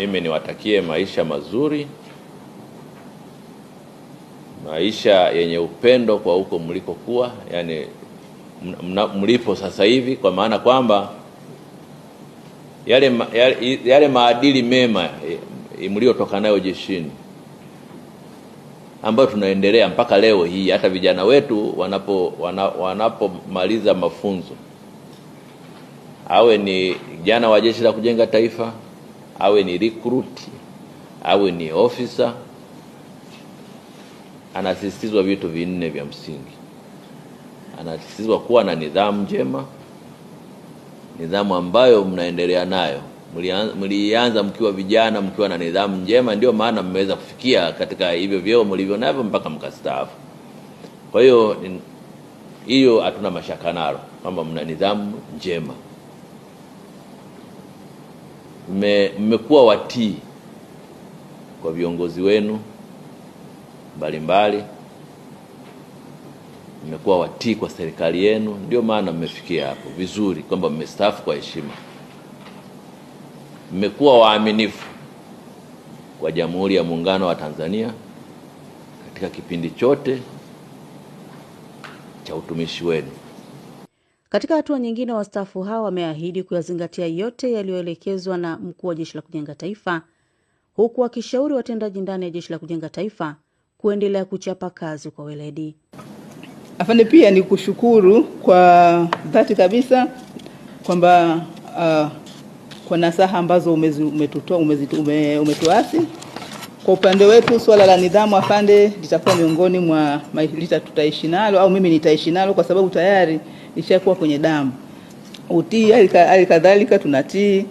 Mimi niwatakie maisha mazuri, maisha yenye upendo kwa huko mlikokuwa, yani mlipo sasa hivi, kwa maana kwamba yale, yale, yale maadili mema e, e, mliotoka nayo jeshini ambayo tunaendelea mpaka leo hii, hata vijana wetu wanapo wanapomaliza mafunzo, awe ni jana wa jeshi la kujenga taifa awe ni recruit awe ni officer, anasisitizwa vitu vinne vya msingi. Anasisitizwa kuwa na nidhamu njema, nidhamu ambayo mnaendelea nayo mlianza mkiwa vijana, mkiwa na nidhamu njema, ndio maana mmeweza kufikia katika hivyo vyeo mlivyo navyo mpaka mkastaafu. Kwa hiyo hiyo hatuna mashaka nalo kwamba mna nidhamu njema mmekuwa watii kwa viongozi wenu mbalimbali, mmekuwa watii kwa serikali yenu, ndio maana mmefikia hapo vizuri, kwamba mmestaafu kwa heshima. Mmekuwa waaminifu kwa Jamhuri ya Muungano wa Tanzania katika kipindi chote cha utumishi wenu. Katika hatua nyingine, wastaafu hao wameahidi kuyazingatia yote yaliyoelekezwa na mkuu wa Jeshi la Kujenga Taifa, huku wakishauri watendaji ndani ya Jeshi la Kujenga Taifa kuendelea kuchapa kazi kwa weledi. Afande, pia ni kushukuru kwa dhati kabisa kwamba uh, kwa nasaha ambazo umetutoa umetuasi kwa upande wetu swala la nidhamu, afande, litakuwa miongoni mwa lita tutaishi nalo au mimi nitaishi nalo kwa sababu tayari ishakuwa kwenye damu. Utii alikadhalika tunatii,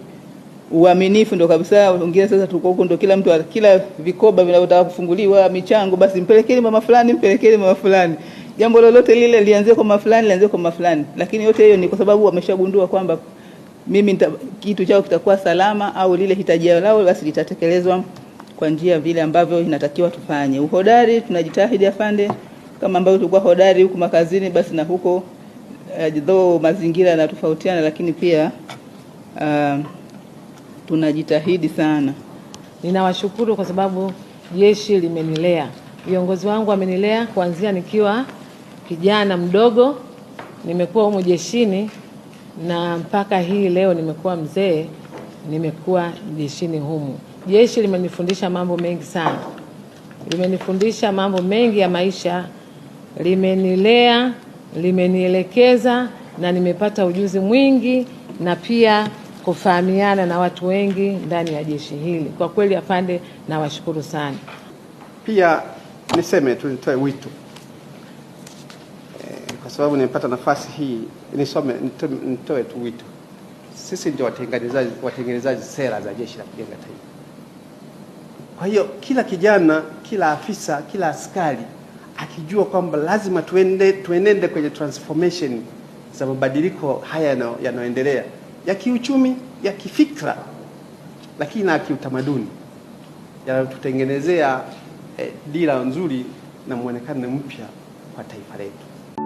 uaminifu ndio kabisa. Ongea sasa tuko huko ndo kila mtu kila vikoba vinavyotaka kufunguliwa michango, basi mpelekeni mama fulani, mpelekeni mama fulani. Jambo lolote lile lianzie kwa mama fulani, lianzie kwa mama fulani, lakini yote hiyo ni kwa sababu wameshagundua kwamba mimi nita, kitu chao kitakuwa salama au lile hitaji lao basi litatekelezwa kwa njia vile ambavyo inatakiwa tufanye. Uhodari tunajitahidi afande, kama ambavyo tulikuwa hodari huku makazini, basi na huko jidho eh, uh, mazingira yanatofautiana, lakini pia uh, tunajitahidi sana. Ninawashukuru kwa sababu jeshi limenilea, viongozi wangu wamenilea kuanzia nikiwa kijana mdogo, nimekuwa humu jeshini na mpaka hii leo nimekuwa mzee, nimekuwa jeshini humu. Jeshi limenifundisha mambo mengi sana, limenifundisha mambo mengi ya maisha, limenilea, limenielekeza na nimepata ujuzi mwingi na pia kufahamiana na watu wengi ndani ya jeshi hili. Kwa kweli, afande, nawashukuru sana. Pia niseme tu, nitoe wito e, kwa sababu nimepata nafasi hii nisome, nitoe tu wito. Sisi ndio watengenezaji watengenezaji sera za jeshi la kujenga taifa. Kwa hiyo kila kijana, kila afisa, kila askari akijua kwamba lazima tuende, tuenende kwenye transformation za mabadiliko haya yanayoendelea ya kiuchumi, ya kifikra, lakini na kiutamaduni yanayotutengenezea eh, dira nzuri na mwonekano mpya kwa taifa letu.